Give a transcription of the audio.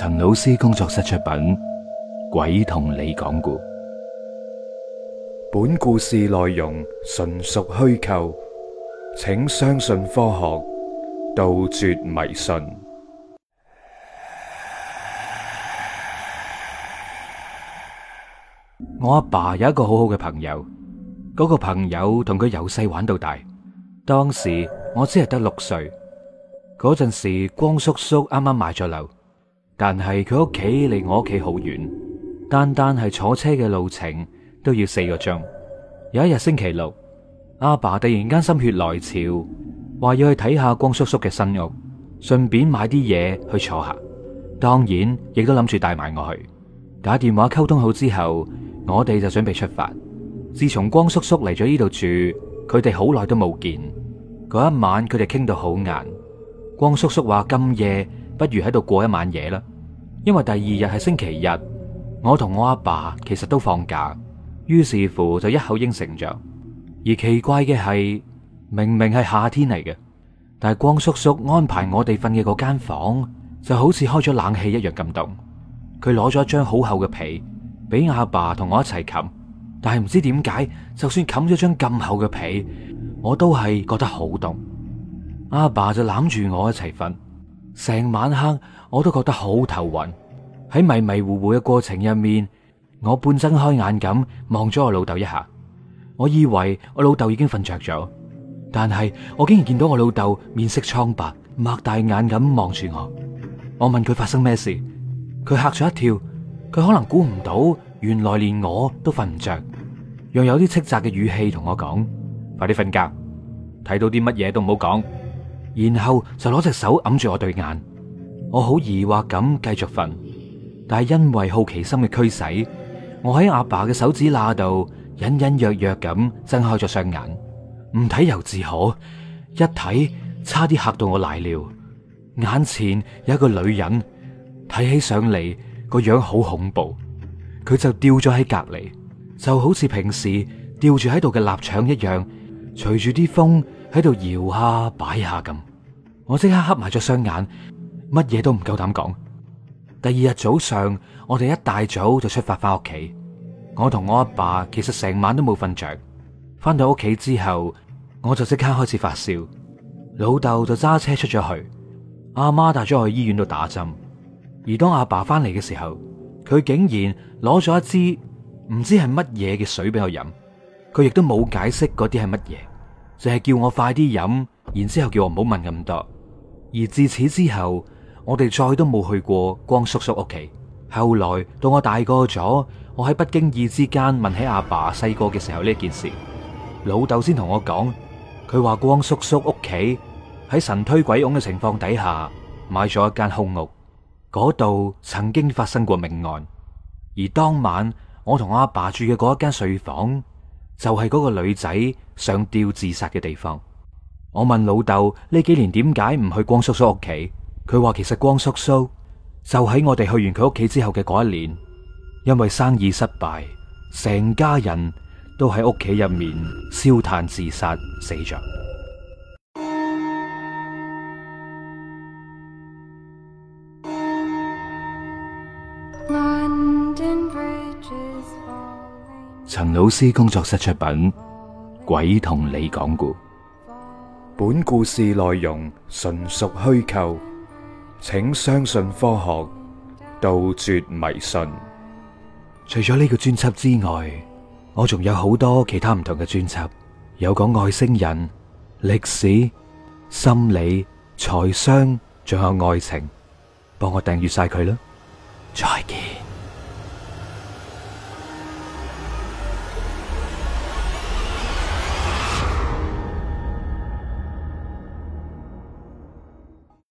陳老師工作室出品《鬼同你講古》，本故事內容純屬虛構，請相信科學，杜絕迷信。 我阿爸，爸有一個好好嘅朋友，嗰、那個朋友同佢由細玩到大。當時我只係得六歲，嗰陣時光叔叔啱啱買咗樓。但係佢屋企離我屋企好遠，單單係坐車嘅路程都要四個鐘。有一日星期六，阿爸突然間心血來潮，話要去睇下光叔叔嘅新屋，順便買啲嘢去坐下。當然亦都諗住帶埋我去。打電話溝通好之後，我哋就準備出發。自從光叔叔嚟咗呢度住，佢哋好耐都冇見。嗰一晚佢哋傾到好晏，光叔叔話今夜。不如喺度過一晚夜啦，因為第二日係星期日，我同我阿爸其實都放假，於是乎就一口應承着。而奇怪嘅係，明明係夏天嚟嘅，但係光叔叔安排我哋瞓嘅嗰間房就好似開咗冷氣一樣咁凍。佢攞咗一張好厚嘅被俾阿爸同我一齊冚，但係唔知點解，就算冚咗張咁厚嘅被，我都係覺得好凍。阿爸就攬住我一齊瞓。成晚黑我都覺得好頭暈，喺迷迷糊糊嘅過程入面，我半睜開眼咁望咗我老豆一下，我以為我老豆已經瞓着咗，但係我竟然見到我老豆面色蒼白，擘大眼咁望住我。我問佢發生咩事，佢吓咗一跳，佢可能估唔到，原來連我都瞓唔着，用有啲斥責嘅語氣同我講：快啲瞓覺，睇到啲乜嘢都唔好講。然後就攞隻手揞住我對眼，我好疑惑咁繼續瞓，但係因為好奇心嘅驅使，我喺阿爸嘅手指罅度隱隱約約咁睜開咗雙眼，唔睇又自可，一睇差啲嚇到我瀨尿，眼前有一個女人，睇起上嚟個樣好恐怖，佢就吊咗喺隔籬，就好似平時吊住喺度嘅臘腸一樣。隨住啲風喺度搖下擺下咁，我即刻黑埋咗雙眼，乜嘢都唔夠膽講。第二日早上，我哋一大早就出發翻屋企。我同我阿爸其實成晚都冇瞓着。翻到屋企之後，我就即刻開始發燒。老豆就揸車出咗去，阿媽帶咗我去醫院度打針。而當阿爸翻嚟嘅時候，佢竟然攞咗一支唔知係乜嘢嘅水俾我飲。佢亦都冇解釋嗰啲係乜嘢，淨係叫我快啲飲，然之後叫我唔好問咁多。而自此之後，我哋再都冇去過光叔叔屋企。後來到我大個咗，我喺不經意之間問起阿爸細個嘅時候呢件事，老豆先同我講，佢話光叔叔屋企喺神推鬼擁嘅情況底下買咗一間空屋，嗰度曾經發生過命案。而當晚我同阿爸住嘅嗰一間睡房。就係嗰個女仔想吊自殺嘅地方。我問老豆呢幾年點解唔去光叔叔屋企？佢話其實光叔叔就喺我哋去完佢屋企之後嘅嗰一年，因為生意失敗，成家人都喺屋企入面燒炭自殺死咗。 陳老師工作室出品《鬼同你講古》，本故事內容純屬虛構，請相信科學，杜絕迷信。除咗呢個專輯之外，我仲有好多其他唔同嘅專輯，有講外星人、歷史、心理、財商，仲有愛情。幫我訂閱晒佢啦！再見。